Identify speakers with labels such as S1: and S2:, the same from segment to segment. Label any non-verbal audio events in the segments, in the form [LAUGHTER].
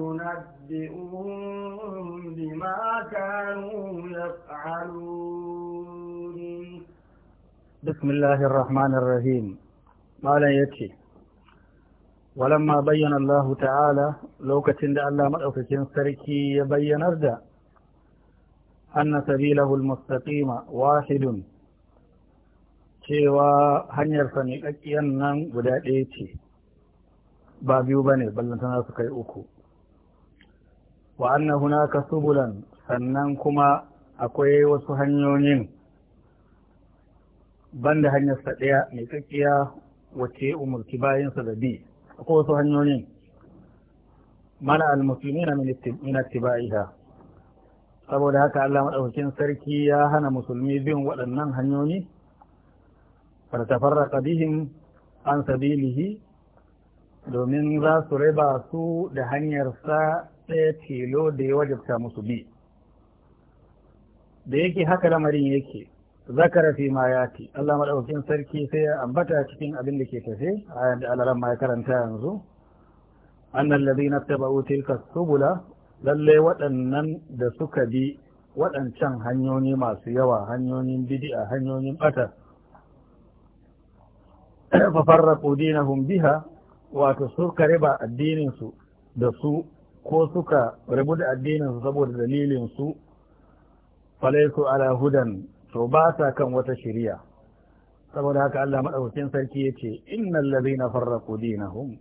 S1: ينبئهم بما كانوا يفعلون
S2: بسم الله الرحمن الرحيم ما لا يتي ولما بين الله تعالى لو كتند الله مدوكين سركي يبين أردا أن سبيله المستقيم واحد cewa hanyar sami ƙaƙƙiyan nan guda ɗaya ce ba biyu ba ne ballantana su kai uku wa anna hunaka subulan sannan kuma akwai wasu hanyoyin banda hanyar sa ɗaya mai tsakiya wacce bayan sa da bi akwai wasu hanyoyin mana almuslimina min ittiba'iha saboda haka Allah madaukakin sarki ya hana musulmi bin waɗannan hanyoyi fartafarraqa bihim an sabilihi domin za su raba su da hanyar sa. ɗaya tilo da ya wajabta musu bi da yake haka lamarin yake zakara fi ma ya yati Allah madaukakin sarki sai ya ambata cikin abin da ke tafe a yadda alaran ma ya karanta yanzu na ladina tabau tilka subula Lallai waɗannan da suka bi waɗancan hanyoyi masu yawa hanyoyin bidi a hanyoyin bata fa farraqu dinahum biha wato suka riba addinin su da su ko suka rabu da addininsu saboda dalilin su falaisu ala hudan to ba sa kan wata shiriya saboda haka Allah madaukakin sarki yace innal ladina farraqu dinahum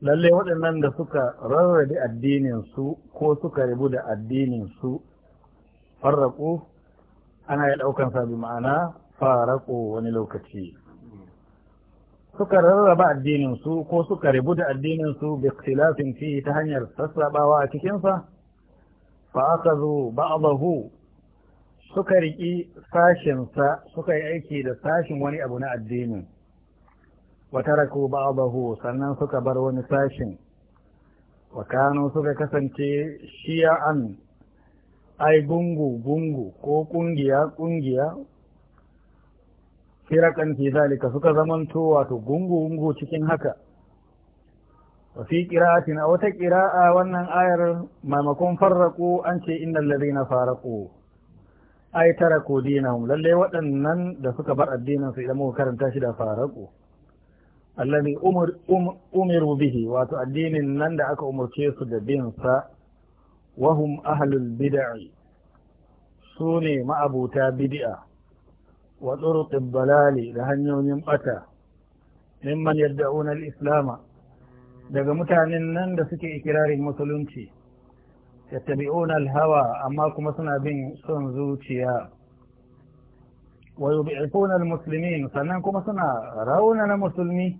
S2: lalle waɗannan da suka rarrabe addinin su ko suka rabu da addinin su farraqu ana ya daukan sa bi ma'ana faraqu wani lokaci suka rarraba addininsu ko suka rabu da addininsu bi ikhtilafin fi ta hanyar sassabawa a cikinsa fa aka zo ba'dahu suka riƙi sashensa suka yi aiki da sashin wani abu na addinin wa taraku ba'dahu sannan suka bar wani sashin wa kanu suka kasance shi'an ai gungu gungu ko kungiya kungiya firakan fi zalika suka zamanto wato gungu gungu cikin haka wa fi qira'atin a wata qira'a wannan ayar maimakon farraƙo an ce innal ladhina faraqu ay taraku dinahum lalle waɗannan da suka bar addinin su idan muka karanta shi da faraqu alladhi um, umiru bihi wato addinin nan da aka umurce su da bin sa wahum ahlul bid'i su ne ma'abuta bid'a wa turuqid balali da hanyoyin bata man yadda islam daga mutanen nan da suke ikirarin musulunci yattabi'una al-hawa amma kuma suna bin son zuciya wa yub'ithuna al-muslimin sannan kuma suna rauna na musulmi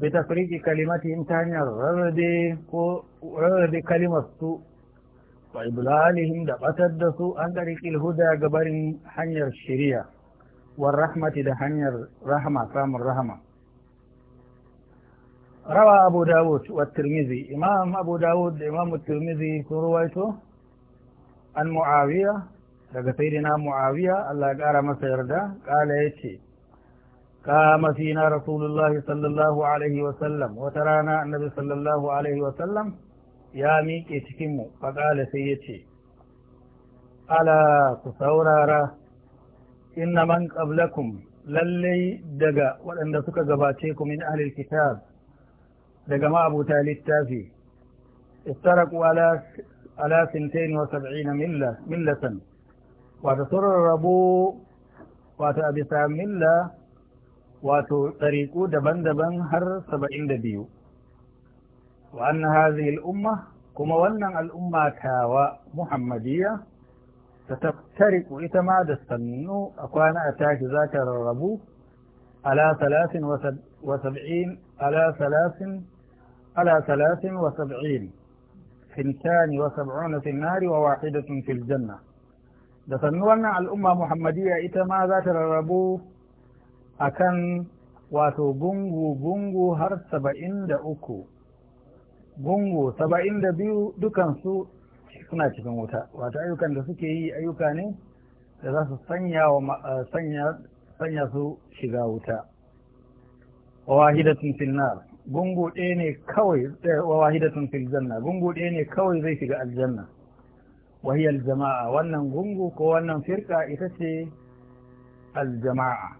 S2: bi tafriqi kalimatihim ta hanyar rarrabe ko rarrabe kalimar su wa da batar da su an ɗariƙil huda gabarin hanyar shiriya wa rahmati da hanyar rahama samun rahama rawa abu dawud wa tirmizi imam abu dawud da imam tirmizi sun ruwaito an mu'awiya daga saidina mu'awiya Allah ƙara masa yarda ƙala ya ce kama fina rasulullahi sallallahu alaihi wa sallam wata rana annabi sallallahu alaihi wa sallam ya miƙe cikinmu fa ƙala sai ya ce ala ku saurara inna man qablakum lallai daga waɗanda suka gabace ku min ahlil kitab daga ma'abuta littafi istaraku ala ala sintain wa sab'ina milla millatan wato sun rarrabu wato a bisa milla wato ɗariƙu daban-daban har saba'in da biyu wa anna hadhihi al-umma kuma wannan al'umma tawa muhammadiyya تتفترق إتماد السميع أقوان أتاك ذاكر الربو على ثلاث وسبعين على ثلاث على ثلاث وسبعين ثنتان وسبعون في النار وواحدة في الجنة دفنونا الأمة محمدية إتما ذاكر الربو أكن واتو بونغو بونغو هر سبعين دا أكو بونغو سبعين دا بيو دكان سو suna cikin wuta wata ayyukan da suke yi ayyuka ne da za su sanya wa eh, sanya su shiga wuta wahidatun fil gungu ɗaya ne kawai eh, wahidatun filjanna gungu ɗaya ne kawai zai shiga aljanna wahiyar jama'a wannan gungu ko wannan firka ita ce aljama'a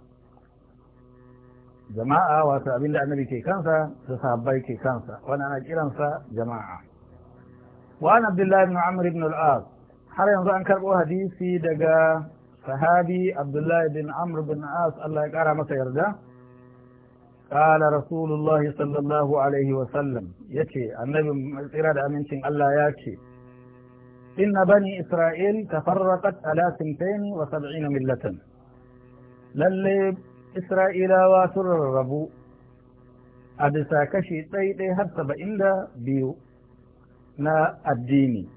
S2: jama'a wato abinda annabi ke kansa da sahabbai ke kansa wannan ana kiransa jama'a وعن عبد الله بن عمرو بن العاص har yanzu an karɓo hadisi daga sahabi abdullahi bin amr bin as Allah ya ƙara masa yarda قال رسول الله صلى الله عليه وسلم يتي النبي إرادة أمنشن الله ياتي إن بني إسرائيل تفرقت على سنتين وسبعين ملة للي إسرائيل واسر الربو أدسا كشي تيدي هرسب إلا بيو na addini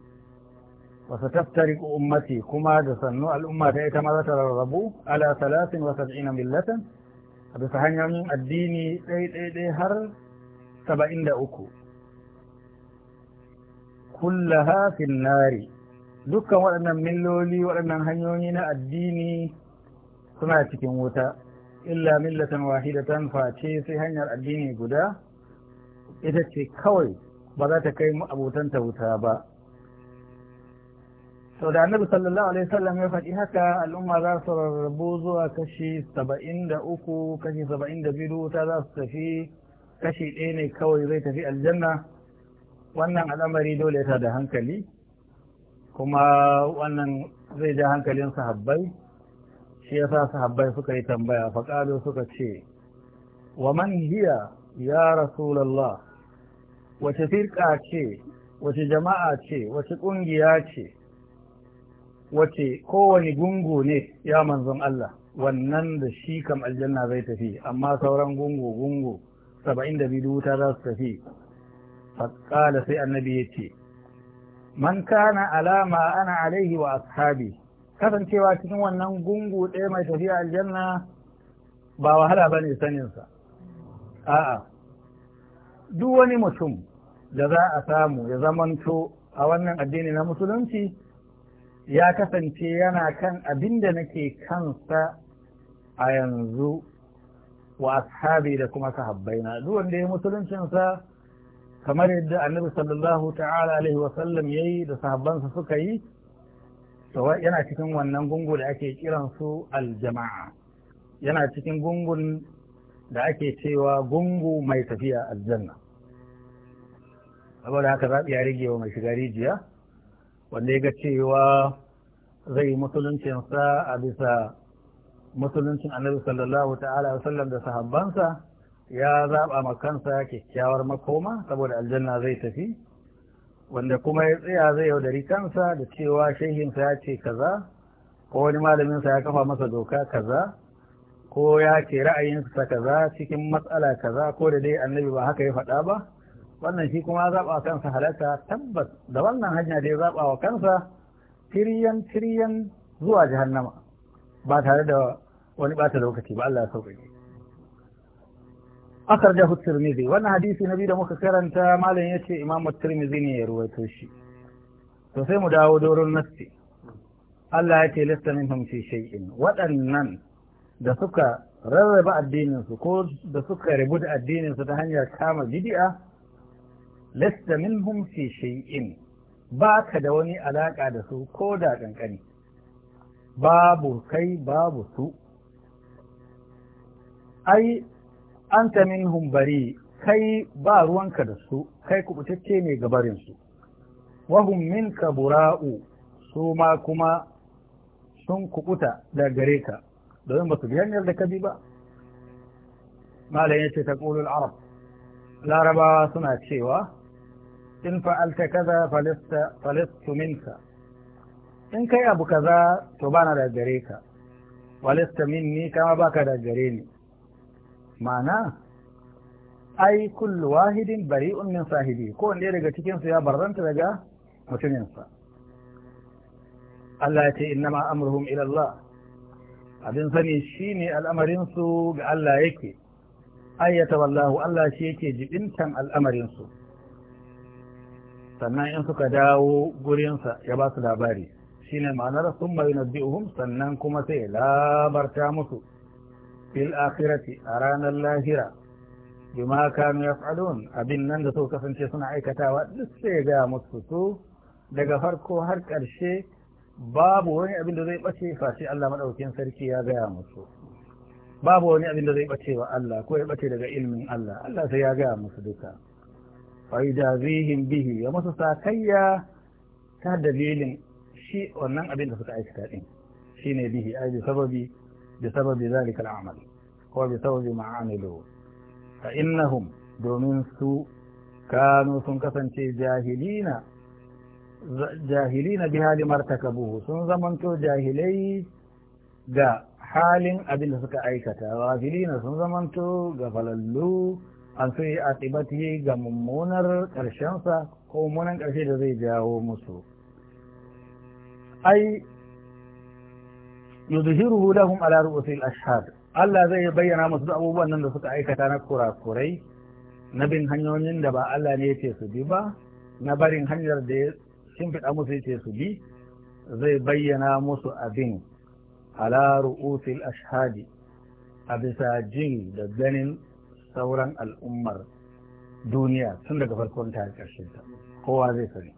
S2: wasu taftari ummati kuma da sannu al'umma ta ita ma ta rarrabu ala talatin wa sab'ina millatan a bisa hanyoyin addini ɗai har saba'in da uku kullaha fin dukkan waɗannan milloli waɗannan hanyoyi na addini suna cikin wuta illa millatan wahidatan face sai hanyar addini guda ita ce kawai ba za ta kai abotanta wuta ba sau da annabi sallallahu alaihi wasallam ya faɗi haka al'umma za su rarrabu zuwa kashi saba'in da uku kashi saba'in da biyu wuta za su tafi kashi ɗaya ne kawai zai tafi aljanna wannan al'amari dole ta da hankali kuma wannan zai ja hankalin sahabbai shi yasa sahabbai suka yi tambaya faƙalo suka ce wa man hiya ya rasulallah wace firka ce wace jama'a ce wace ƙungiya ce wace kowane gungu ne ya manzon Allah wannan da shi kam aljanna zai tafi amma sauran gungu gungu saba'in da biyu wuta za su tafi faƙala sai annabi ya ce man kana alama ana alaihi wa ashabi kasancewa cikin wannan gungu ɗaya mai tafiya aljanna ba wahala ba ne saninsa a'a duk wani mutum da za a samu ya zamanto a wannan addini na musulunci ya kasance yana kan abin da nake kansa a yanzu wa ashabi da kuma sahabbaina duk wanda ya musuluncinsa kamar yadda annabi sallallahu ta'ala alaihi wa sallam yayi da sahabbansa suka yi yana cikin wannan gungu da ake kiran su aljama'a yana cikin gungun da ake cewa gungu mai tafiya aljanna saboda haka zaɓi ya rage wa mai shiga rijiya wanda ya ga cewa zai yi musuluncinsa a bisa musuluncin annabi sallallahu ta'ala wa sallam da sahabbansa ya zaɓa ma kansa kyakkyawar makoma saboda aljanna zai tafi wanda kuma ya tsaya zai yaudari kansa da cewa shehinsa ya ce kaza ko wani malaminsa ya kafa masa doka kaza ko ya ce ra'ayinsa kaza cikin matsala kaza ko da dai annabi ba haka ya faɗa ba wannan shi kuma zaɓa kansa halatta tabbas da wannan hanya da ya zaɓa wa kansa tiriyan tiriyan zuwa jahannama ba tare da wani ɓata lokaci ba Allah ya da akhrajahu at-tirmidhi wannan hadisi na biyu da muka karanta malam yace imam at ne ya ruwaito shi to sai mu dawo doron nasti Allah ya ce lasta min fi shay'in waɗannan da suka rarraba addininsu ko da suka rubuta da addininsu ta hanyar kama bid'a lasta minhum fi shay'in ba ka da wani alaƙa da su ko da ƙanƙani babu kai babu su ai anta minhum bari kai ba ruwanka da su kai kubutacce ne gabarinsu. su wahum minka bura'u su ma kuma sun kubuta da gare ka domin ba su bi da ka ba malam ya ce ta arab larabawa suna cewa in fa'alta kaza falistu minka in kai abu kaza to bana da gare ka walista minni kama baka da gare ni ma'ana ai kullu wahidin bari'un min sahibi ko daga cikin su ya barranta daga mutuminsa Allah ya ce innama amruhum ila abin sani shine al'amarin su ga Allah yake ayyata wallahu Allah shi yake jibintan al'amarin su sannan in suka dawo gurinsa ya ba su labari shine ma'anar sun mai nabi'uhum sannan kuma sai labarta musu fil akhirati a ranar lahira ma kanu yaf'alun abin nan da suka kasance suna aikatawa duk sai ga musu su daga farko har ƙarshe babu wani abin da zai bace face Allah madaukakin sarki ya gaya musu babu wani abin da zai bace wa Allah ko ya bace daga ilmin Allah Allah sai ya gaya musu duka fa yudazihim bihi ya masa sakayya ta dalilin shi wannan abin da suka aikata din ne bihi ai bi sababi bi sababi zalika al'amal ko bi sababi ma fa innahum domin su kanu sun kasance jahilina jahilina bi hali martakabuhu sun zamanto jahilai ga halin abin da suka aikata wafilina sun zamanto ga falallu an so yi atibati ga mummunar ƙarshensa ko mummunan ƙarshe da zai jawo musu ai yudhiruhu lahum ala ru'usil ashhad Allah zai bayyana musu abubuwan nan da suka aikata na kurakurai na bin hanyoyin da ba Allah ne yake su bi ba na barin hanyar da ya shimfiɗa musu yake su bi zai bayyana musu abin ala ru'usil ashhadi a bisa jin da ganin sauran al'ummar duniya tun daga farkon ta ƙarshen ta kowa zai sani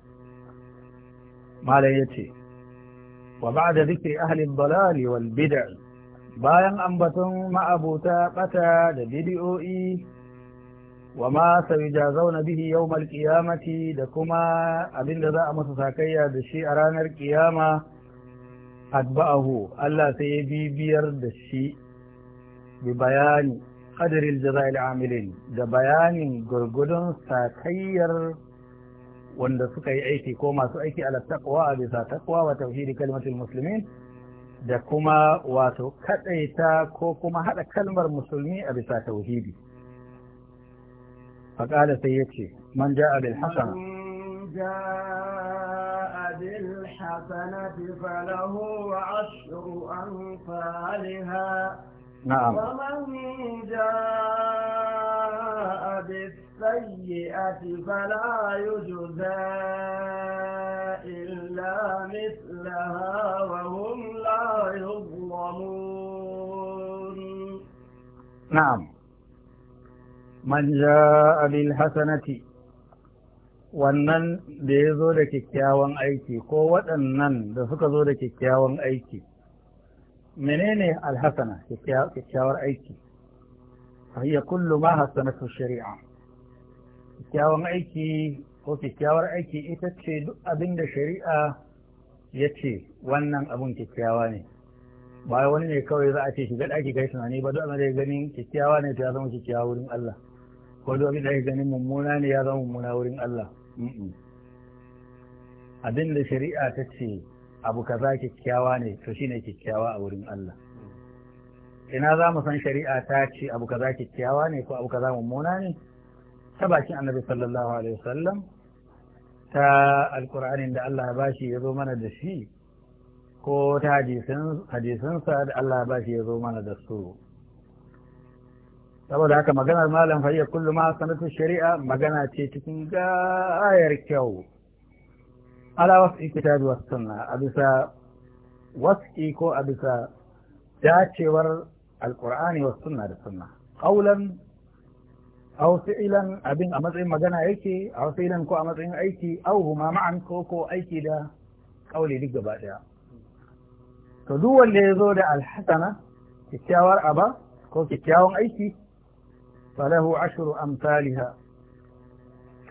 S2: malai ya ce wa ba da zikri ahlin balali wal bid'a bayan ambaton ma'abuta bata da bidiyo'i wa ma zauna bihi yau qiyamati da kuma abinda za a masa sakayya da shi a ranar kiyama atba'ahu Allah sai ya bibiyar da shi bi bayani قدر الجزاء العاملين ده بيان غرغدون ساتير وند سكاي ايتي كو ماسو ايتي على التقوى بذا تقوى وتوحيد كلمه المسلمين ده كما واتو كدايتا كو كما حدا كلمه المسلمين ابي توحيدي فقال سيدي من جاء بالحسن
S1: جاء بالحسنة فله عشر أنفالها نعم ومن جاء بالسيئة فلا يجزى إلا مثلها وهم لا يظلمون
S2: نعم من جاء بالحسنة wannan da ya zo da kyakkyawan aiki ko waɗannan da suka zo da kyakkyawan aiki menene alhasana kyakkyawar aiki fahiyya kullu ma hasanatu shari'a Kyakkyawar aiki ko kyakkyawar aiki ita ce duk abin da shari'a ya ce wannan abun kyakkyawa ne ba wani ne kawai za a ce shiga ɗaki kai ne ba duk abin da ya gani kyakkyawa ne to ya zama kyakkyawa wurin Allah ko duk abin da ya ganin mummuna ne ya zama mummuna wurin Allah abin da shari'a ta ce abu kaza kyakkyawa ne to shine kyakkyawa a wurin Allah ina za mu san shari'a ta ce abu kaza kyakkyawa ne ko abu kaza mummuna ne ta bakin annabi sallallahu alaihi wasallam ta alqur'anin da Allah ya bashi ya zo mana da shi ko ta hadisansa da Allah ya bashi ya zo mana da su saboda haka maganar malam fariya kullu ma sanatu shari'a magana ce cikin gayar kyau ala wasu kitabi wasu sunna a bisa wasu ko a dacewar alkur'ani wasu sunna da sunna ƙaulan aw fi'lan abin a matsayin magana yake aw fi'lan ko a matsayin aiki aw huma ma'an ko ko aiki da ƙauli duk gaba daya to duk wanda ya zo da alhasana kyakkyawar aba ko kyakkyawan aiki falahu ashru amsalha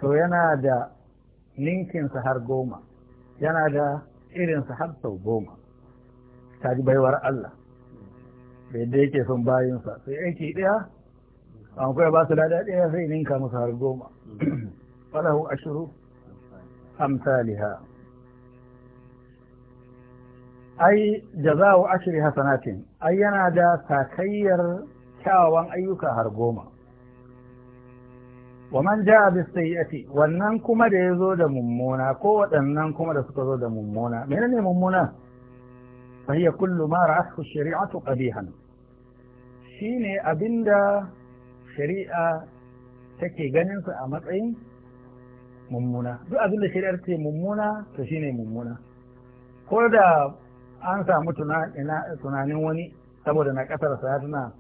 S2: to yana da ninkin sa har goma yana da irinsa har sau goma ta ji baiwar Allah da yadda yake son bayinsa sai aiki ɗaya a kuma ba su lada ɗaya sai ninka musu har goma [CLEARS THROAT] falahu ashuru amsaliha ai jaza'u ashri hasanatin ai yana da sakayyar kyawawan ayyuka har goma wa man ja'a bi sayyati wannan kuma da yazo da mummuna ko waɗannan kuma da suka zo da mummuna menene mummuna fa hiya kullu ma ra'ahu shari'atu qabihan shine abinda shari'a take ganin su a matsayin mummuna duk abinda shari'a ce mummuna to shine mummuna ko da an samu tunanin wani saboda na kasar sa tana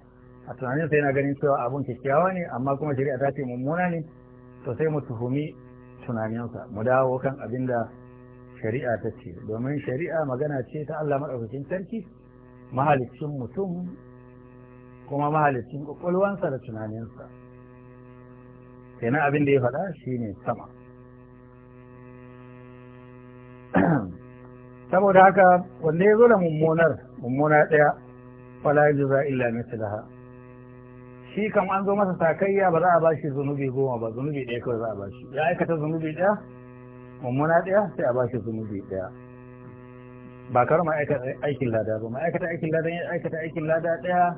S2: a tunaninsa yana ganin cewa abun kyakkyawa ne amma kuma shari'a ta ce mummuna ne to sai mu tuhumi tunaninsa mu dawo kan abin da shari'a ta ce domin shari'a magana ce ta Allah maɗaukakin sarki mahalicin mutum kuma mahalicin ƙwaƙwalwansa da tunaninsa na abin da ya faɗa shine sama [CLEARS THROAT] saboda haka wanda ya zo da mummunar mummuna ɗaya fala yajza illa mithlaha shi kam an zo masa takayya ba za a bashi zunubi goma ba zunubi ɗaya kawai za a bashi ya aikata zunubi ɗaya mummuna ɗaya sai a bashi zunubi ɗaya ba kar aikata aikin lada ba aikata aikin lada ya aikata aikin lada ɗaya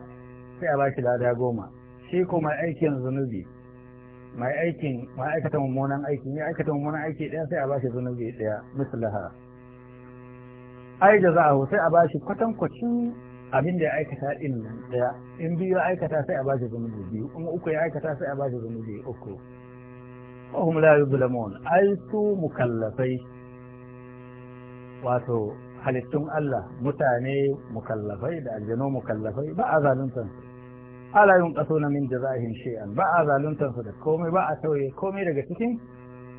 S2: sai a bashi lada goma shi ko mai aikin zunubi mai aikin aikata mummunan aiki ya aikata mummunan aiki ɗaya sai a bashi zunubi ɗaya mislaha ai jaza'ahu sai a bashi kwatankwacin abin da ya aikata din nan daya in biyu ya aikata sai a ba shi zunubi biyu in uku ya aikata sai a ba shi zunubi uku wahum la yuzlamun ai su mukallafai wato halittun Allah mutane mukallafai da aljanu mukallafai ba a zaluntan su ala yunqasuna min jazaihim shay'an ba a zaluntan su da komai ba a tauye komai daga cikin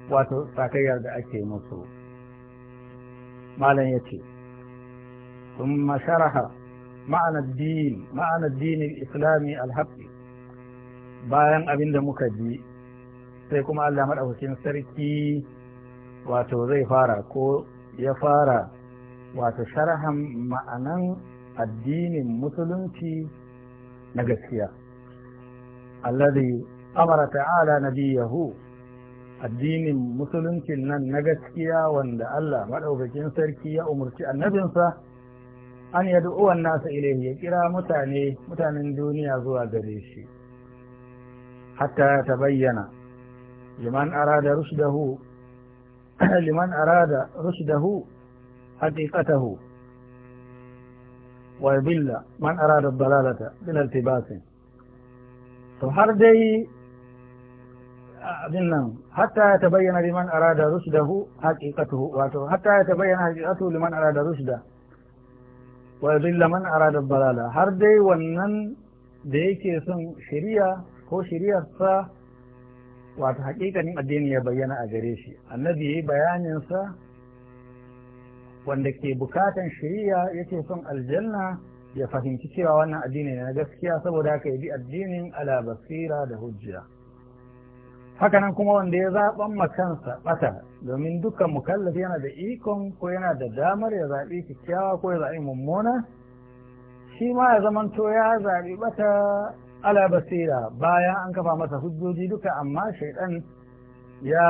S2: wato sakayyar da ake musu malam yace ثم شرح ma'ana din islami alhaƙi bayan abin da muka ji sai kuma Allah maɗaukakin sarki wato zai fara ko ya fara wato sharhan ma'anan addinin musulunci na gaskiya alladhi amara ta'ala nabiyahu addinin musuluncin nan na gaskiya wanda Allah maɗaukakin sarki ya umarci annabinsa an yadda uwan nasa ilaihi ya kira mutane mutanen duniya zuwa gare shi hatta ta bayyana liman arada rushdahu [CLEARS THROAT] liman arada rushdahu haqiqatahu wa billa man arada dalalata bil altibasin to har dai abin nan hatta ta bayyana liman arada rushdahu haqiqatuhu wato hatta ta bayyana haqiqatuhu liman arada rushdahu wa yudilla man arada balala har dai wannan da yake son shari'a ko shari'arsa wata hakikanin addini ya bayyana a gare shi annabi yayi bayanin sa wanda ke bukatan shari'a yake son aljanna ya fahimci cewa wannan addini ne na gaskiya saboda haka ya bi addinin ala basira da hujja hakanan kuma wanda ya zaɓan kansa ɓata domin dukkan mukallafi yana da ikon ko yana da damar ya zaɓi kyakkyawa ko ya zaɓi mummuna shi ma ya zamanto ya zaɓi ɓata ala basira bayan an kafa masa hujjoji duka amma shaidan ya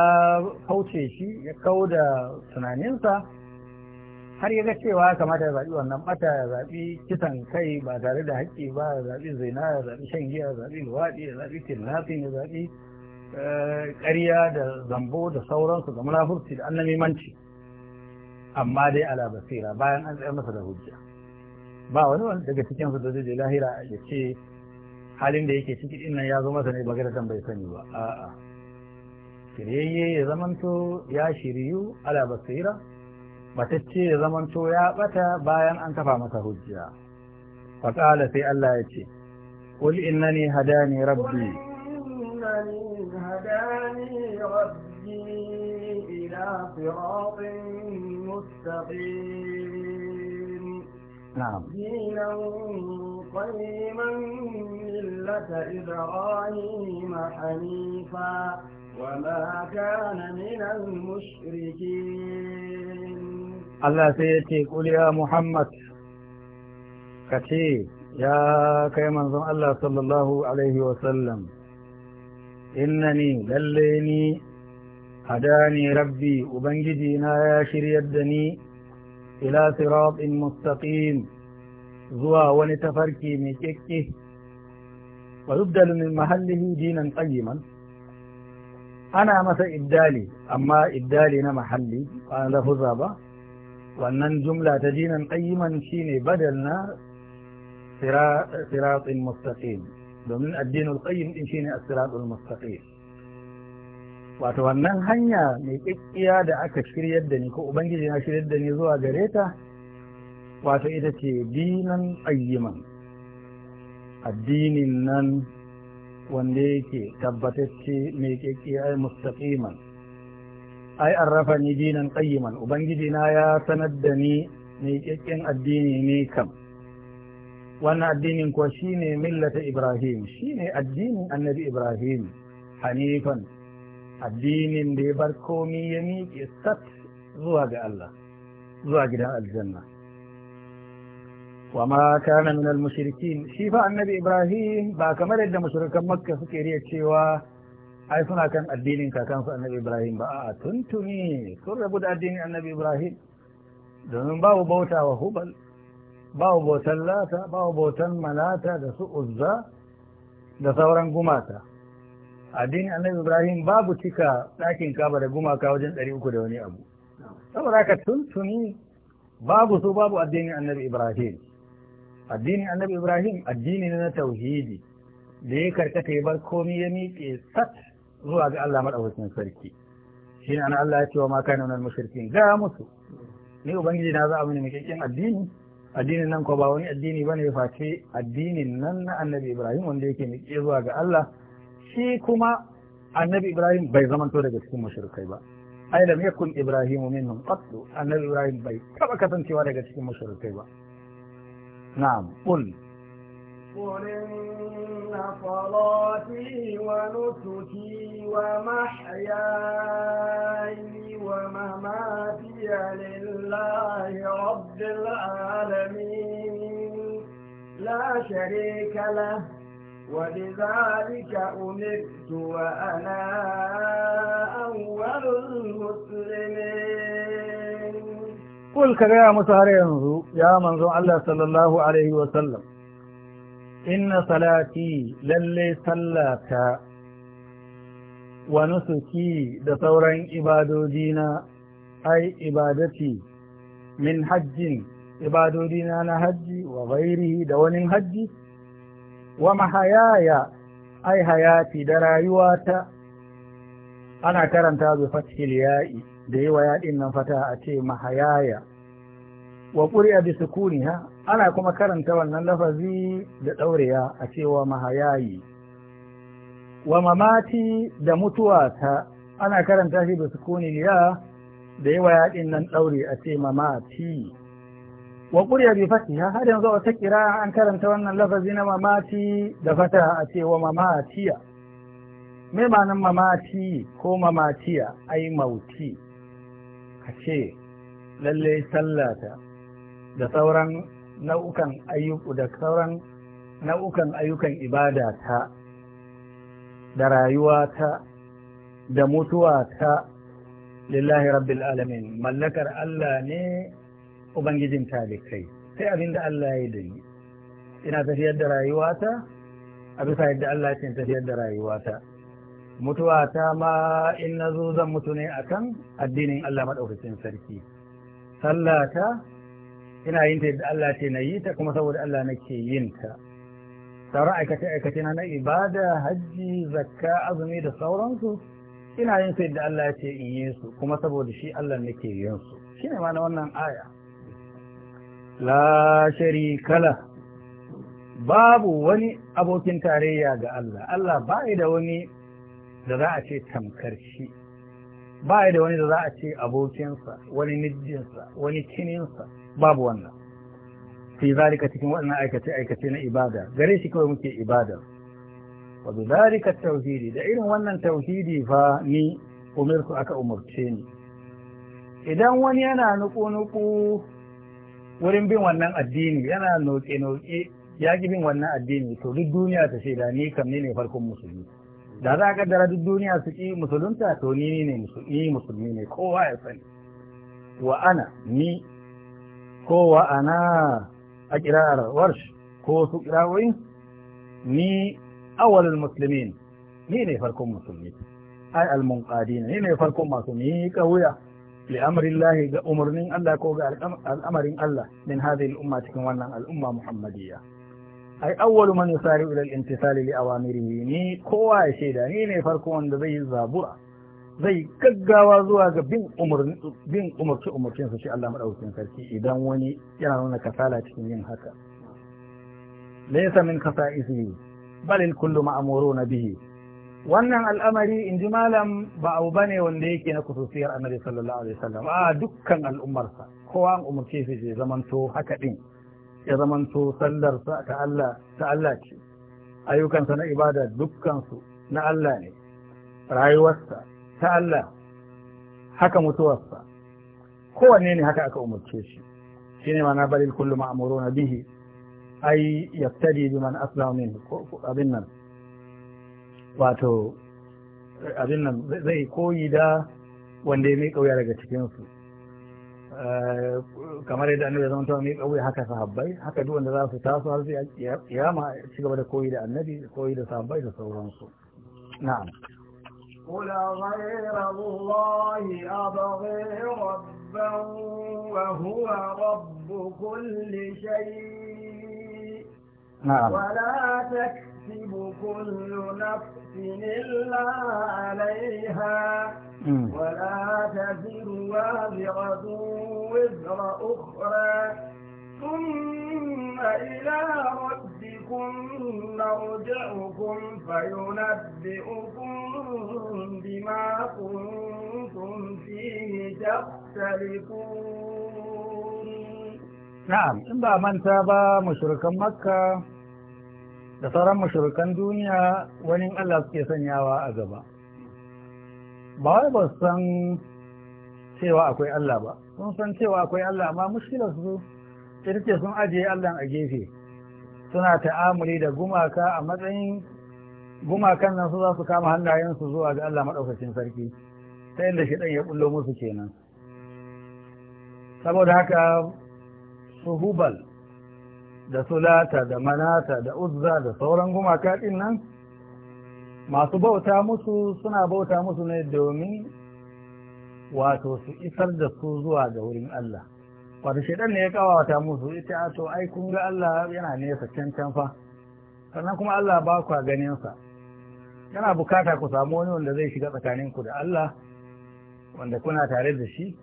S2: kauce shi ya kau da tunaninsa har ya ga cewa kamata ya zaɓi wannan ɓata ya zaɓi kisan kai ba tare da haƙƙi ba ya zaɓi zina ya zaɓi shan giya ya zaɓi luwaɗi ya zaɓi kidnapping ya zaɓi Eh, ƙarya da zambo da sauransu da munafurci da manci amma dai ala basira bayan an tsayar masa da hujja ba wani wani daga cikin su da zai lahira ya ce halin da yake ciki din nan ya zo masa ne ba gada bai sani ba a'a shiryayye ya zamanto ya shiryu ala basira ce ya zamanto ya bata bayan an kafa masa hujja faqala sai Allah ya ce qul innani hadani rabbi
S1: من هداني ربي إلى صراط مستقيم نعم دينا قيما ملة إبراهيم حنيفا وما كان من المشركين
S2: الله سيأتي قل يا محمد كتير يا كيما الله صلى الله عليه وسلم إنني لليني هداني ربي وبنجدينا يا شري الدني إلى صراط مستقيم زوا ونتفركي ميكيكي ويبدل من محله دينا قيما أنا مثل إبدالي أما إبدالي أنا محلي أنا له با وأن جملة دينا قيما شيني بدلنا صراط مستقيم domin addinin qayyim din shine as-siratul mustaqim wato wannan hanya mai kikkiya da aka shiryar da ni ko ubangiji ya shiryar da ni zuwa gare ta wato ita ce dinan qayyiman addinin nan wanda yake tabbatacce mai kikkiya mustaqiman ai arrafa ni dinan qayyiman ubangiji na ya sanar da ni mai kikkin addini ne kam wannan addinin kuwa shine millata ibrahim shine addinin annabi ibrahim hanifan addinin da ya bar komi ya miƙe sat zuwa ga Allah zuwa gidan aljanna wama kana min almushrikin shi fa annabi ibrahim ba kamar yadda mushrikan makka suke riya cewa ai suna kan addinin kakansu annabi ibrahim ba aa tuntuni sun rabu da addinin annabi ibrahim domin babu bauta wa hubal babu bautan lata babu bautan malata da su uzza da sauran gumata addinin annabi ibrahim babu cika dakin kaba da gumaka wajen ɗari uku da wani abu saboda haka tuntuni babu su babu addinin annabi ibrahim addinin annabi ibrahim addini na tauhidi da ya karkata ya bar komi ya miƙe sat zuwa ga allah maɗaukakin sarki shi ne ana allah ya ce wa ma kana mushrikin ga musu ni ubangiji na za a mini mikakken addini addinin nan ko ba wani addini bane face addinin nan na annabi ibrahim wanda yake miƙe zuwa ga allah shi kuma annabi ibrahim bai zamanto daga cikin mushrikai ba ai lam yakun ibrahim minhum qat annabi ibrahim bai taba kasancewa daga cikin mushrikai ba na'am qul
S1: قل إن صلاتي ونسكي ومحياي ومماتي لله رب العالمين لا شريك له ولذلك أمرت وأنا أول المسلمين
S2: قل كذا يا يا منزو الله صلى الله عليه وسلم inna salati lalle sallata wa nusuki da sauran ibadodina ai ibadati min hajjin ibadodina na hajji wa ghairihi da wani hajji wa mahayaya ai hayati da rayuwata ana karanta bi fathil ya'i da wa yaɗin nan fata a ce mahayaya wa ƙuri'a bi sukuniha ana kuma karanta wannan lafazi da ɗaurewa a cewa mahayayi wa mamati da mutuwa ta ana karanta shi da sukuni ya da yawa yaɗin nan ɗaure a ce mamati wa ƙuriya bi fatiha har yanzu wata kira an karanta wannan lafazi na mamati da fata a ce wa mamatiya me ma'anin mamati ko mamatiya ai mauti a ce lallai sallata da sauran nau'ukan ayyuku da sauran nau'ukan ayyukan ibada ta da rayuwa ta da mutuwa ta lillahi rabbil alamin mallakar Allah ne ubangijin talikai sai abin da Allah ya da ni ina tafiyar da rayuwa ta a bisa yadda Allah ya tafiyar da rayuwa ta mutuwa ta ma in na zo zan mutu ne akan addinin Allah maɗaukacin sarki sallata ina yin ta yadda Allah ce na yi ta kuma saboda Allah na ke yin ta sauran aikace aikace na ibada hajji zakka azumi da sauransu ina yin su yadda Allah ce in yi su kuma saboda shi Allah na ke yin su Shi ma na wannan aya la shari kala, babu wani abokin tarayya ga Allah Allah ba da wani da za a ce tamkar shi ba da wani da za a ce abokinsa wani nijinsa wani kininsa babu wannan fi zalika cikin waɗannan aikace aikace na ibada gare shi kawai muke ibada wa bi zalika tauhidi da irin wannan tauhidi fa ni umirtu aka umurce ni idan wani yana nuku nuku wurin bin wannan addini yana noke noke ya ki bin wannan addini to duk duniya ta da ni kam ne farkon musulmi da za ka dara duk duniya su ki musulunta to ni ne musulmi ne kowa ya sani wa ana ni ko wa ana a ƙirar warsh ko su ƙirawoyin ni awalin musulmin ni ne farkon musulmi ai almunqadin ni ne farkon masu miƙa wuya li amrillahi ga umarnin Allah ko ga al'amarin Allah min hadhihi al'umma cikin wannan al'umma muhammadiyya ai awwalu man yusari ila al-imtisali li awamirihi ni kowa ya shaida ni ne farkon wanda zai yi zabura zai gaggawa zuwa ga bin umarci umarcin sa shi Allah madaukakin sarki idan wani yana nuna kasala cikin yin haka laysa min isi balil kullu na bihi wannan al'amari in ji malam ba abu bane wanda yake na kususiyar annabi sallallahu alaihi wasallam a dukkan al'ummarsa kowa an umarce shi ya zamanto haka din ya zamanto sallarsa ta Allah ta Allah ce ayyukansa na ibada dukkansu na Allah ne rayuwarsa ta Allah haka mutuwarsa kowanne ne haka aka umarce shi ne mana balil kullu na bihi ay yaftadi biman aslama min abin nan wato abin nan zai koyi da wanda ya miƙa daga cikinsu eh, kamar yadda annabi zama tawa miƙa wuya haka sahabbai haka duk wanda za su taso har zai ya ma ci gaba da koyi da annabi koyi da sahabbai da sauransu na'am
S1: قل غير الله أبغي ربا وهو رب كل شيء نعم. ولا تكسب كل نفس إلا عليها ولا تزر وازرة وزر أخرى ثم إلى ربكم يرجعكم فينبئكم بما كنتم فيه تختلفون نعم إن ba
S2: manta ba mushrikan makka da sauran mushrikan duniya wani Allah suke sanyawa a gaba ba wai ba san cewa akwai Allah ba sun san cewa akwai Allah amma mushkilar su ita ce sun ajiye Allah a gefe suna ta'amuli da gumaka a matsayin gumakan nan su za su kama hannayensu zuwa ga Allah maɗaukacin sarki ta yadda shi ɗan ya ɓullo musu kenan saboda haka su hubal da sulata da manata da uzza da sauran gumaka ɗin nan masu bauta musu suna bauta musu ne domin wato su isar da su zuwa ga wurin Allah wato shaidan ne ya kawata musu ita to ai kun ga Allah yana nesa can can fa sannan kuma Allah ba ku ganin sa yana bukata ku samu wani wanda zai shiga tsakanin ku da Allah wanda kuna tare da shi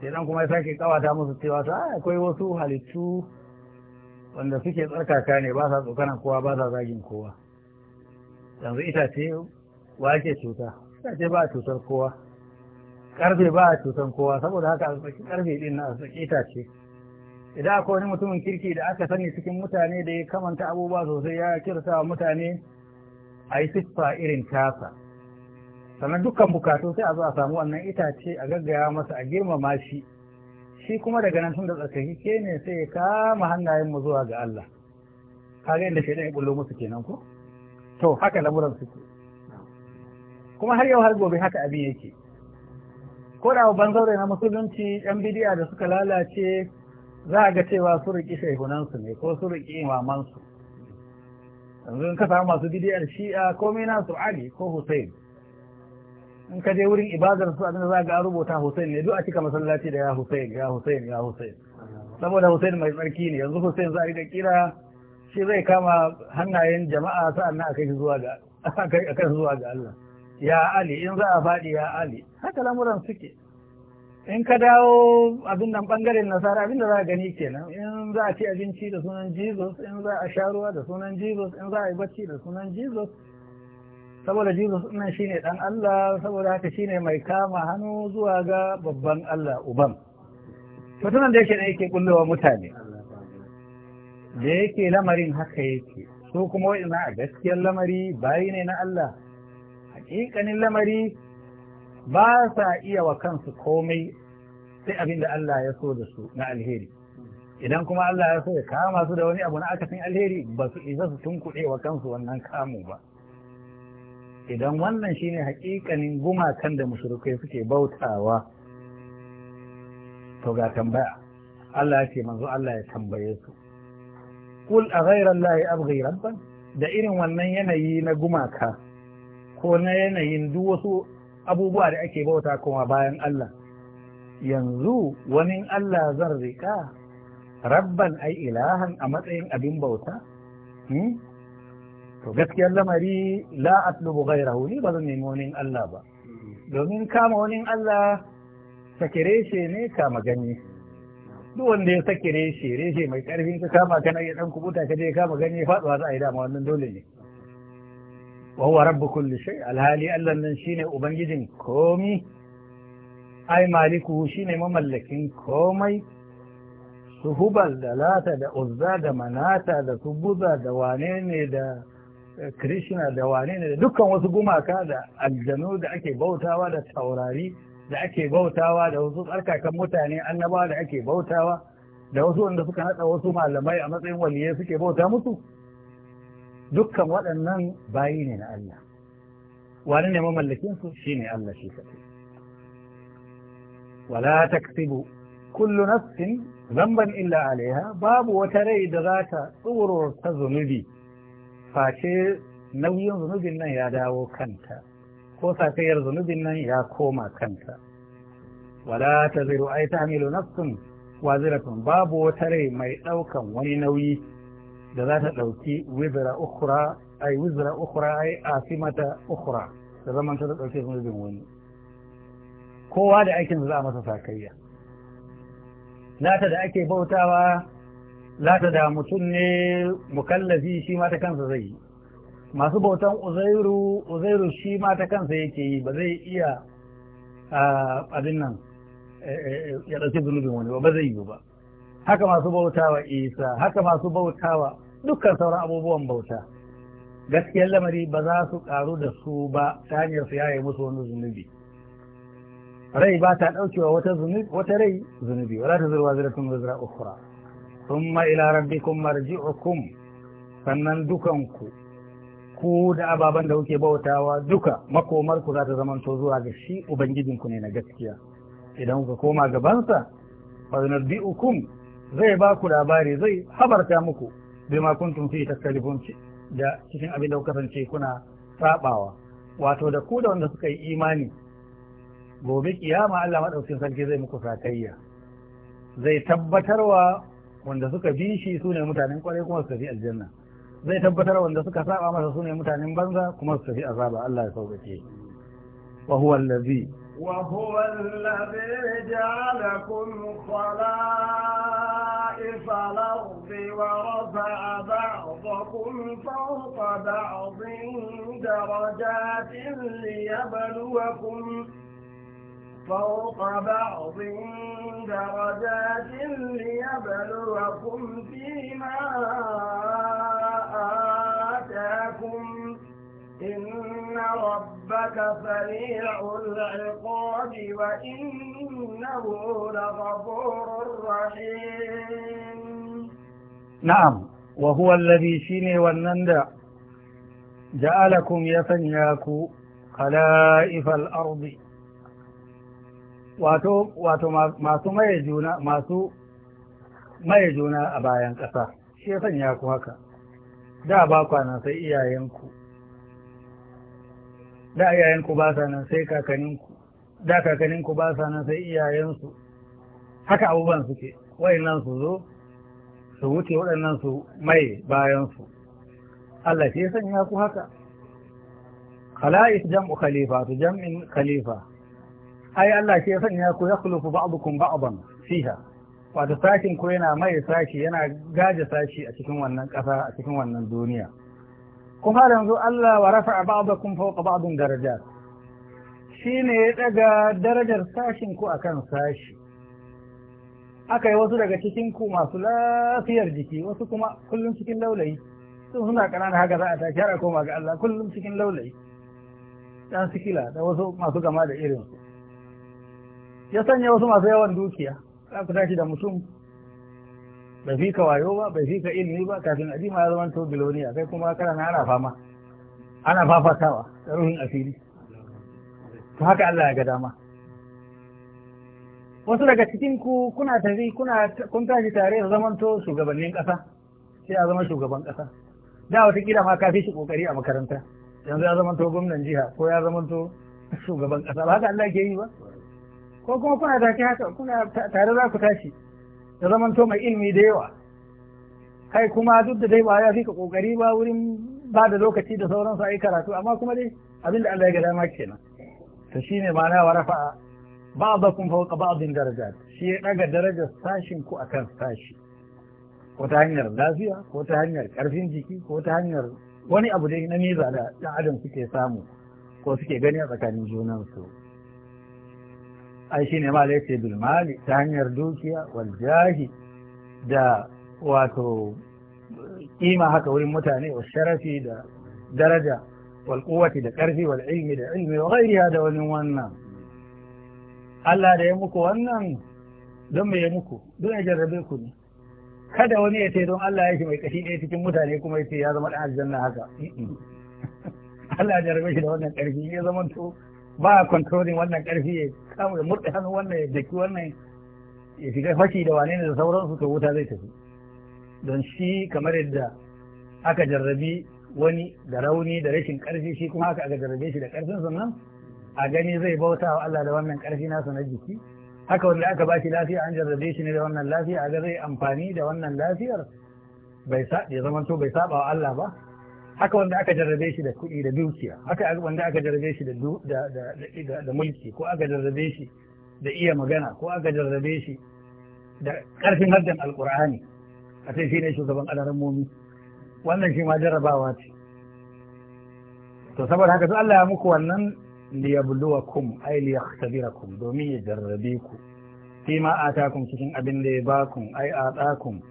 S2: Sai shaidan kuma ya sake kawata musu cewa to akwai wasu halittu wanda suke tsarkaka ne ba sa tsokanan kowa ba sa zagin kowa yanzu itace wa cuta itace ba cutar kowa karfe ba a cutan kowa saboda haka a tsaki karfe din na a ta itace idan akwai wani mutumin kirki da aka sani cikin mutane da ya kamanta abubuwa sosai ya kirsa wa mutane a yi siffa irin tasa sannan dukkan bukatu sai a zo a samu wannan itace a gaggaya masa a girmama shi shi kuma daga nan tun da tsakaki ke ne sai ya kama hannayen mu zuwa ga Allah kaga inda shaidan ya bullo musu kenan ko to haka lamuran suke kuma har yau har gobe haka abin yake ko da ban zaure na musulunci yan bidiya da suka lalace za a ga cewa su riƙi shaihunansu ne ko su riƙi imamansu yanzu in ka samu masu bidiyar shi'a ko na su ali ko hussein in ka je wurin ibadar su abin da za ga rubuta hussein ne duk a cika masallaci da ya hussein ya hussein ya hussein saboda hussein mai tsarki ne yanzu hussein za a da kira shi zai kama hannayen jama'a sa'an nan a kai zuwa ga Allah ya ali in za a faɗi ya ali haka lamuran suke in ka dawo abin nan bangaren nasara abin da za a gani kenan in za a ci abinci da sunan jesus in za a sha ruwa da sunan jesus in za a yi bacci da sunan jesus saboda jesus nan shine dan allah saboda haka shine mai kama hannu zuwa ga babban allah uban to tunan da yake da yake kullewa mutane da yake lamarin haka yake su kuma ina a gaskiyar lamari bayi ne na allah haƙiƙanin lamari ba sa iya wa kansu komai sai abin da Allah ya so da su na alheri idan kuma Allah ya so ya kama su da wani abu na akasin alheri ba su isa su tunkuɗe wa kansu wannan kamu ba idan wannan shine hakikanin gumakan da mushrikai suke bautawa to ga tambaya Allah ya ce manzo Allah ya tambaye su kul a ghairallahi abghi rabban da irin wannan yanayi na gumaka ko na yanayin duk wasu abubuwa da ake bauta kuma bayan Allah yanzu wani Allah zan riƙa rabban ai ilahan a matsayin abin bauta hmm? to gaskiyar lamari la atlubu ghairahu ni ba zan nemi wani Allah ba domin kama wani Allah sake shi ne kama ganye duk wanda ya sake shi reshe mai karfin ka kama kana ya dan kubuta ka je kama ganye faɗuwa za a yi dama wannan dole ne wa huwa rabbu kulli shay alhali Allah nan shine ubangijin komi ai maliku shine mamallakin komai su hubal da lata da uzza da manata da subuza da wane ne da krishna da wane ne da dukkan wasu gumaka da aljanu da ake bautawa da taurari da ake bautawa da wasu tsarkakan mutane annabawa da ake bautawa da wasu wanda suka naɗa wasu malamai a matsayin waliyai suke bauta musu dukkan waɗannan bayi ne na Allah wani ne mamallakinsu shi ne Allah shi kaɗai wala taksibu kullu nafsin zamban illa alaiha babu wata rai da za ta ta zunubi face nauyin zunubin nan ya dawo kanta ko safiyar zunubin nan ya koma kanta wala ta zai ai ta nafsin waziratun babu wata rai mai ɗaukan wani nauyi da za ta ɗauki wizara ukura ai wizara ukhra ai asimata ukura da zaman ta ɗauke zunubin wani kowa da aikin za a masa sakayya lata da ake bautawa lata da mutum ne mukallafi shi ma ta kansa zai yi masu bautan uzairu uzairu shi ma ta kansa yake yi ba zai iya abin nan eh, eh, ya ɗauki zunubin wani ba ba zai yi ba haka masu bautawa isa haka masu bautawa dukkan sauran abubuwan bauta gaskiyar lamari ba za su karu da su ba ta hanyar su yaye musu wani zunubi rai ba ta daukewa wata zunubi wata rai zunubi wala ta zurwa ziratun wazra ukhra thumma ila rabbikum marji'ukum sannan dukanku ku da ababan da kuke bautawa duka makomarku za ta zamanto zuwa ga shi ubangijinku ne na gaskiya idan kuka koma gabansa fa yunabbi'ukum zai ba ku labari zai habarta muku bima kuntum fi tattalifun da cikin abin da kuka kasance kuna sabawa wato da ku da wanda suka yi imani gobe kiyama Allah madaukakin sarki zai muku sakayya zai tabbatarwa wanda suka bi shi su mutanen kwarai kuma su tafi aljanna zai tabbatar wanda suka saba masa su ne mutanen banza kuma su tafi azaba Allah ya sauƙaƙe wa huwa allazi
S1: وهو الذي جعلكم خلائف الأرض ورفع بعضكم فوق بعض درجات ليبلوكم فوق بعض درجات ليبلوكم فيما آتاكم إن ربك سريع العقاب وإنه لغفور رحيم
S2: نعم وهو الذي شيني والنندع جعلكم يفنياكو خلائف الأرض wato wato masu maye juna masu maye juna a bayan ƙasa shi ya sanya ku haka da ba kwana sai iyayenku da iyayenku ba sa nan sai kakanninku da kakanninku ba sa nan sai iyayensu haka abubuwan suke wayannan su zo su wuce waɗannan su mai bayansu Allah shi ya sanya ku haka khala'is jam'u khalifa to jam'in khalifa ai Allah shi ya sanya ku yakhlufu ba'dukum ba'dan fiha wato sashin ku yana mai sashi yana gaje sashi a cikin wannan ƙasa a cikin wannan duniya kuma yanzu Allah wa rafa fauka ba'adun daraja. Shi ne ya daga darajar sashin ku akan sashi aka yi wasu daga cikin ku masu lafiyar jiki wasu kuma kullum cikin laulayi sun suna kanana haka za a tashi har a koma ga Allah kullum cikin laulayi dan sikila da wasu masu gama da irin ya sanya wasu masu yawan dukiya za ku tashi da mutum bai fi ka wayo ba bai fi ka ilimi ba kafin adima ya zama to biloniya kai kuma kana na ana fama ana fafatawa da ruhin asiri to haka Allah ya ga dama wasu daga cikin ku kuna tafi kuna kun tashi tare da zaman to shugabannin kasa sai ya zama shugaban kasa da wata kila ma kafi shi kokari a makaranta yanzu ya zama to gwamnan jiha ko ya zama to shugaban kasa ba haka Allah ke yi ba ko kuma kuna tafi haka kuna tare za ku tashi da zamanto mai ilimi da yawa kai kuma duk da dai ba ya fi ka kokari ba wurin ba da lokaci da sauransu a yi karatu amma kuma dai abinda Allah ya ga dama kenan to shine ma'ana wa rafa'a ba'dakum fawqa ba'din darajat shi ya daga darajar sashin ku akan sashi ko ta hanyar lafiya ko ta hanyar karfin jiki ko ta hanyar wani abu dai na miza da dan adam suke samu ko suke gani a tsakanin junansu ai shine ma da yace bil mali ta hanyar dukiya wal jahi da wato kima haka wurin mutane wa sharafi da daraja wal quwwati da karfi wal ilmi da ilmi wa ghairiha da wani wannan Allah da ya muku wannan don me ya muku don ya jarrabe ku ne kada wani ya ce don Allah ya shi mai kashi ɗaya cikin mutane kuma ya ce ya zama ɗan aljanna haka [LAUGHS] Allah ya jarrabe shi da wannan ƙarfi ya zama to ba a controlling wannan karfi ya samu ya murɗe hannu wannan ya daki wannan ya shiga fashi da wane ne da sauransu to wuta zai tafi don shi kamar yadda aka jarrabi wani da rauni da rashin karfi shi kuma haka aka jarrabe shi da karfin sannan a gani zai bauta wa Allah da wannan karfi nasa na jiki haka wanda aka ba shi lafiya an jarrabe shi ne da wannan lafiya a ga zai amfani da wannan lafiyar bai sa ya zamanto bai saba wa Allah ba haka wanda aka jarrabe shi da kuɗi da dukiya haka wanda aka jarrabe shi da mulki ko aka jarrabe shi da iya magana ko aka jarrabe shi da ƙarfin haddan alƙur'ani a sai shi ne shugaban alarammomi wannan shi ma jarrabawa ce to saboda haka su Allah ya muku wannan liyabluwakum ay liyakhtabirakum domin ya jarrabe ku fi ma atakum cikin abin da ya bakum ay atakum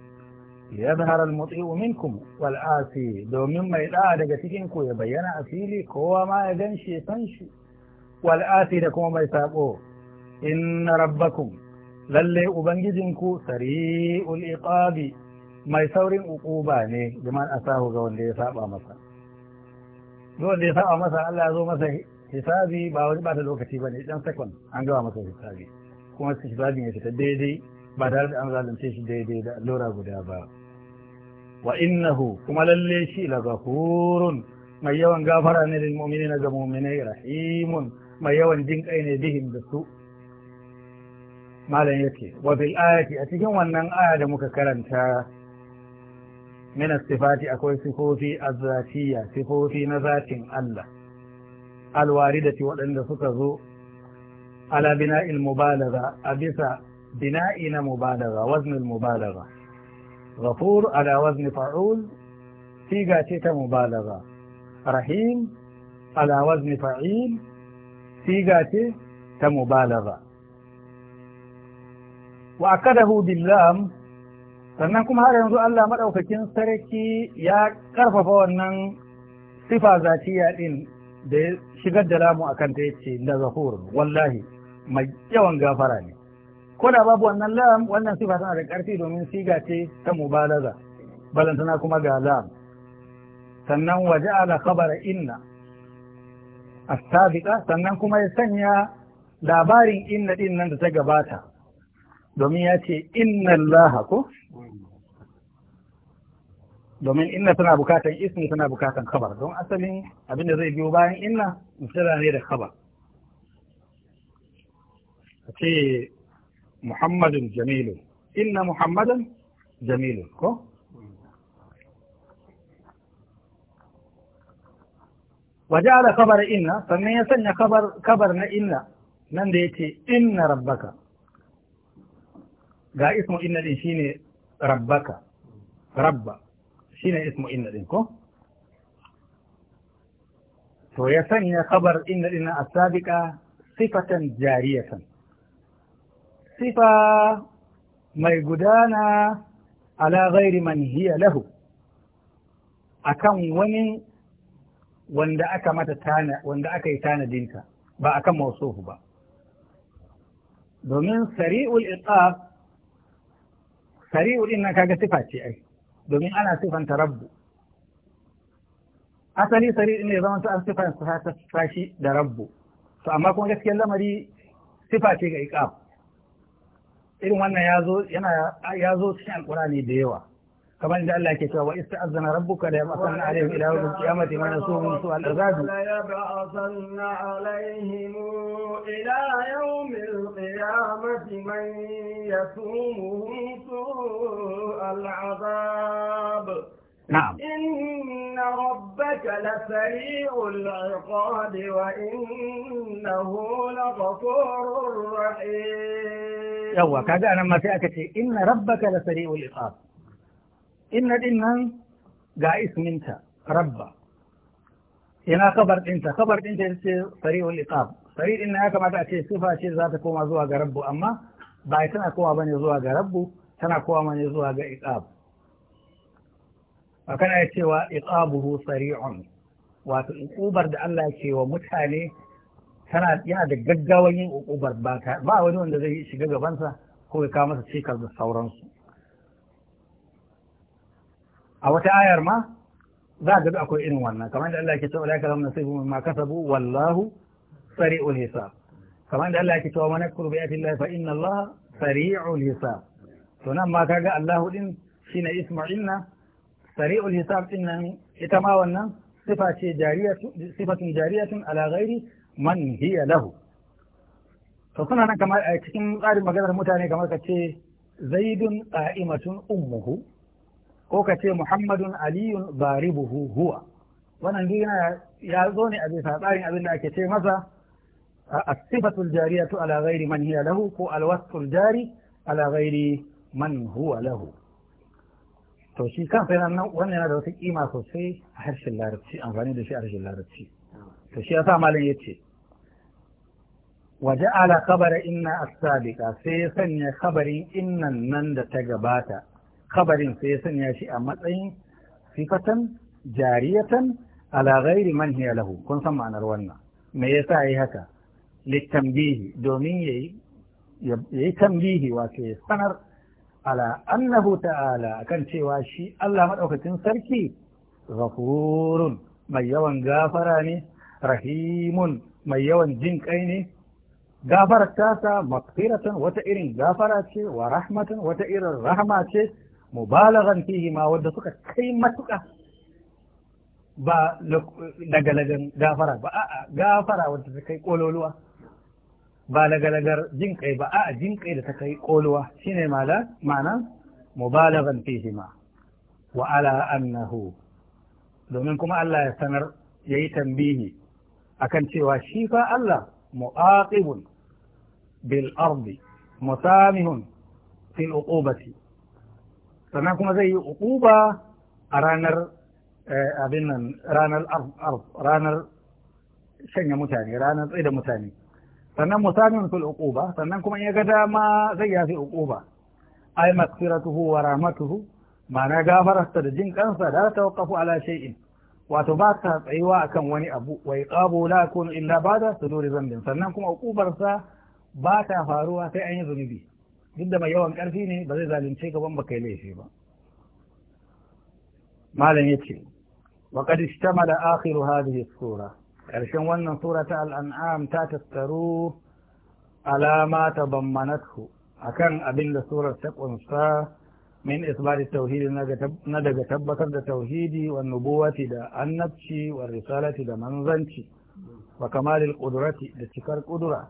S2: ليظهر المطيع منكم wal'asi, domin mai da'a daga cikin ku ya bayyana asili kowa ma ya ganshi shi san shi wal asi da kuma mai sako inna rabbakum lalle ubangijinku sari'ul iqabi mai saurin uquba ne jama'an asahu ga wanda ya saba masa wanda ya saba masa Allah ya zo masa hisabi ba wani bata lokaci bane dan second an gaba masa hisabi kuma hisabin ya fita daidai ba tare da an zalunce shi daidai da allura guda ba وإنه كما لليشي لغفور ما يوان غافر أن للمؤمنين زمؤمنين رحيم ما يوان جنك أين بهم دسو ما لن يكي وفي الآية أتجن وأن آية مككرن من الصفات أكوي صفوفي الذاتية صفوفي نذات الله الواردة وأن سكزو على بناء المبالغة أبسا بناء مبالغة وزن المبالغة غفور على وزن فعول سيغا تيتا مبالغة رحيم على وزن فعيل سيغا تيتا مبالغة وأكده باللام sannan kuma har yanzu Allah maɗaukakin sarki ya ƙarfafa wannan sifa zatiya ɗin da ya shigar da lamu a kanta ya ce da zafur wallahi mai yawan gafara ne ko da babu wannan lam wannan sifa tana da ƙarfi domin siga ce ta mubalaga balantana kuma ga lam sannan waje ala khabara inna astabiqa sannan kuma ya sanya labarin inna din nan da ta gabata domin ya ce inna Allah ko domin inna tana bukatan ismi tana bukatan khabar don asalin abin da zai biyo bayan inna mutala ne da khabar a ce محمد جميل إن محمدا جميل وجعل خبر إن فمن يسن خبر كبرنا إن من ديتي إن ربك جاء اسم إن الإنسان ربك رب شين اسم إن كو ويسن خبر إن إن السابقة صفة جارية sifa mai gudana ala ghairi man hiya lahu akan wani wanda aka mata tana wanda aka yi dinka ba akan mausufu ba domin sari'ul iqab sari'ul din kaga sifa ce ai domin ana sifanta rabbu asali sari'ul ne zama an sifanta ta da rabbu to amma kuma gaskiyar lamari sifa ce ga iqab irin wannan ya zo yana ya zo cikin alqur'ani da yawa kamar da Allah ke cewa wa ista'azana rabbuka la yab'athanna alaihim ila yawm al-qiyamati man yasum su al-azab
S1: la yab'athanna alaihim ila yawm al-qiyamati man yasum su al-azab نعم إن ربك لسريع العقاب وإنه لغفور رحيم يوا كذا
S2: أنا ما تأكد إن ربك لسريع العقاب إن إن جاء اسم أنت رب ina kabar ɗinta kabar ɗinta ya ce sari'ul iqab sari ɗin ya kamata a ce sifa ce za ta koma zuwa ga rabbu amma ba tana kowa bane zuwa ga rabbu tana kowa bane zuwa ga ba kana cewa iqabuhu sari'un wato uƙubar da Allah ke wa mutane tana yana da gaggawan yin uƙubar ba ba wani wanda zai shiga gabansa ko ya kawo masa cikar da sauransu a wata ayar ma za ga akwai irin wannan kamar da Allah ke cewa laika lam nasibu mimma kasabu wallahu sari'ul hisab kamar da Allah ke cewa man yakfur bi ayati Allah fa inna Allah sari'ul hisab to nan ma kaga Allahu din shine isma'ilna sari'ul hisab din nan ita ma wannan sifa ce sifatun jariyatun ala ghairi man hiya lahu to suna nan kamar a eh, cikin tsarin maganar mutane kamar ka ce zaidun qa'imatun ummuhu ko ka ce muhammadun aliyun baribuhu huwa wannan duk yana ya zo ne a bisa tsarin abin da ake ce masa الصفة الجارية على غير ko هي له والوصف jari ala ghairi man huwa lahu. to shi kan yana nan wannan yana da wata kima sosai a harshen larabci amfani da shi a harshen larabci to shi yasa malam yace wa ja'ala khabara inna as-sabiqa sai ya sanya khabarin innan nan da ta gabata kabarin sai ya sanya shi a matsayin sifatan jariyatan ala ghairi man hiya lahu kun san ma'anar wannan me yasa yi haka Littambihi, domin yayi yi tambihi wato sanar ala annahu ta'ala kan cewa shi Allah madaukakin sarki ghafurun mai yawan gafara ne rahimun mai yawan jin kai ne ta tasa maghfiratan wata irin gafara ce wa rahmatan wata irin rahma ce mubalaghan fihi ma wanda suka kai matuka ba daga gafara ba a'a gafara wanda ta kai kololuwa ba lagalagar jin kai ba a jin kai da ta kai koluwa shine mala ma'ana mubalaghan fihi ma wa ala annahu domin kuma Allah ya sanar yayi tambihi akan cewa shi fa Allah mu'aqibun bil ardi musamihun fil uqubati sannan kuma zai yi uquba
S1: a ranar
S2: abin nan ranar ranar shanya mutane ranar tsaye da mutane sannan musamman fil uquba sannan kuma ya ga dama zai yafi uquba ay maghfiratuhu wa rahmatuhu ma'ana gafararsa da jin kansa da ta tawqafu ala shay'in wato ba ta tsayuwa akan wani abu wa iqabu la kun illa ba'da suduri zambin sannan kuma sa ba ta faruwa sai an yi zunubi duk da mai yawan karfi ne ba zai zalunce ka ban baka yi laifi ba malam yace wa qad ishtamala akhiru hadhihi ƙarshen wannan sura ta al'an'am ta tattaru alama ta a akan abin da surar ta ƙunsa min isbati tauhidi na daga tabbatar da tauhidi wa nubuwati da annabci wa risalati da manzanci wa kamalil ƙudurati da cikar ƙudura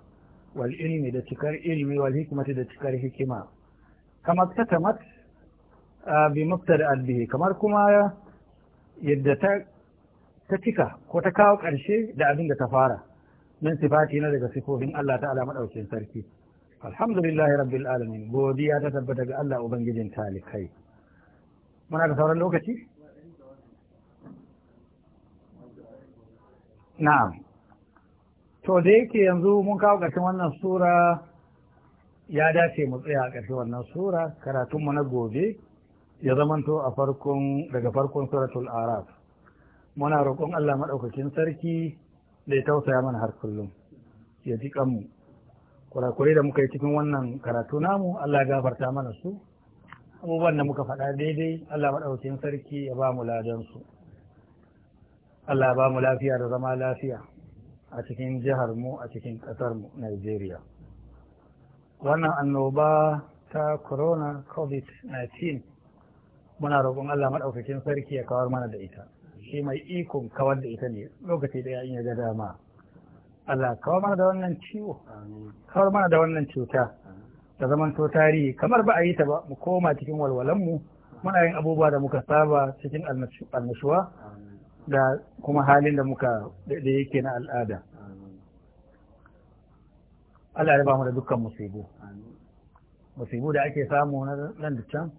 S2: wal ilmi da cikar ilmi wal hikmati da cikar hikima kamar ta kamar bi mubtada bihi kamar kuma yadda ta ta cika ko ta kawo ƙarshe da abin da ta fara min sifati na daga sifofin Allah ta'ala madaukakin sarki alhamdulillahi rabbil alamin godiya ta tabbata ga Allah ubangijin talikai muna da sauran lokaci na'am to da yake yanzu mun kawo ƙarshen wannan sura ya dace mu tsaya a ƙarshen wannan sura karatunmu na gobe ya zamanto a farkon daga farkon suratul araf muna roƙon Allah maɗaukakin sarki da ya tausaya mana har kullum ya ji kanmu kurakurai da muka yi cikin wannan karatu namu Allah gafarta mana su abubuwan da muka faɗa daidai Allah maɗaukakin sarki ya ba mu ladansu Allah ba mu lafiya da zama lafiya a cikin jihar mu a cikin ƙasar mu Najeriya wannan annoba ta corona covid-19 muna roƙon Allah maɗaukakin sarki ya kawar mana da ita shi mai ikon kawar da ita ne lokaci da ya ga dama Allah kawar mana da wannan ciwo kawar mana da wannan cuta da zaman to tarihi kamar ba a yi ta ba mu koma cikin walwalanmu muna yin abubuwa da muka saba cikin annashuwa da kuma halin da muka da yake na al'ada Allah ya ba mu da dukkan musibu musibu da ake samu na nan da can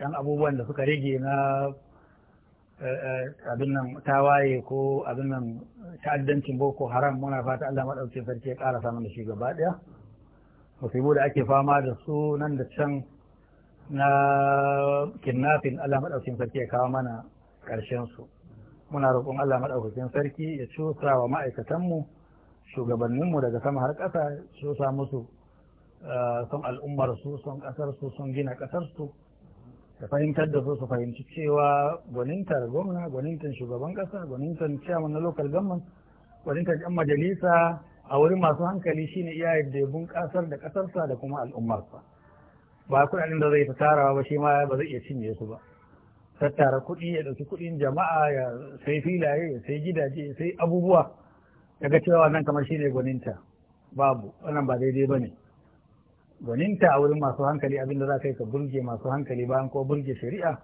S2: yan abubuwan da suka rage na Eh, abin nan tawaye ko abin nan ta'addancin boko haram muna fata Allah maɗauki sarki ya ƙara samun da shi gaba ɗaya musibu da ake fama da su nan da can na kidnapping Allah maɗaukin sarki ya kawo mana ƙarshen su muna roƙon Allah maɗaukakin sarki ya cusa wa ma'aikatan mu shugabannin mu daga sama har ƙasa cusa musu eh, son al'ummar su son ƙasar su sun gina ƙasar su da fahimtar da su su fahimci cewa gwanintar gwamna gwanintar shugaban kasa gwanintar ciyaman na local government gwanintar yan majalisa a wurin masu hankali shine iya yadda ya bunkasar da ƙasarsa da kuma al'ummarsa ba kuɗaɗen da zai ta tarawa ba shi ma ba zai iya cinye su ba tattara kuɗi ya ɗauki kuɗin jama'a ya sai filaye ya sai gidaje ya sai abubuwa daga cewa nan kamar shine gwaninta babu wannan ba daidai ba ne gwaninta a wurin masu hankali abinda za ka yi ka burge masu hankali bayan ko burge shari'a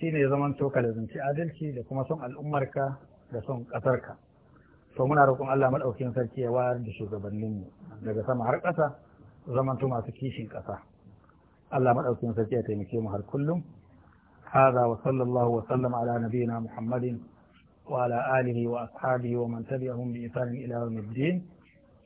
S2: shine zaman to da lazumci adalci da kuma son al'ummarka da son ƙasarka to muna roƙon Allah maɗaukin sarki ya wayar da shugabanninmu daga sama har ƙasa zaman to masu kishin ƙasa Allah maɗaukin sarki ya taimake mu har kullum هذا وصلى الله وسلم على نبينا alihi wa آله wa ومن تبعهم بإحسان إلى يوم الدين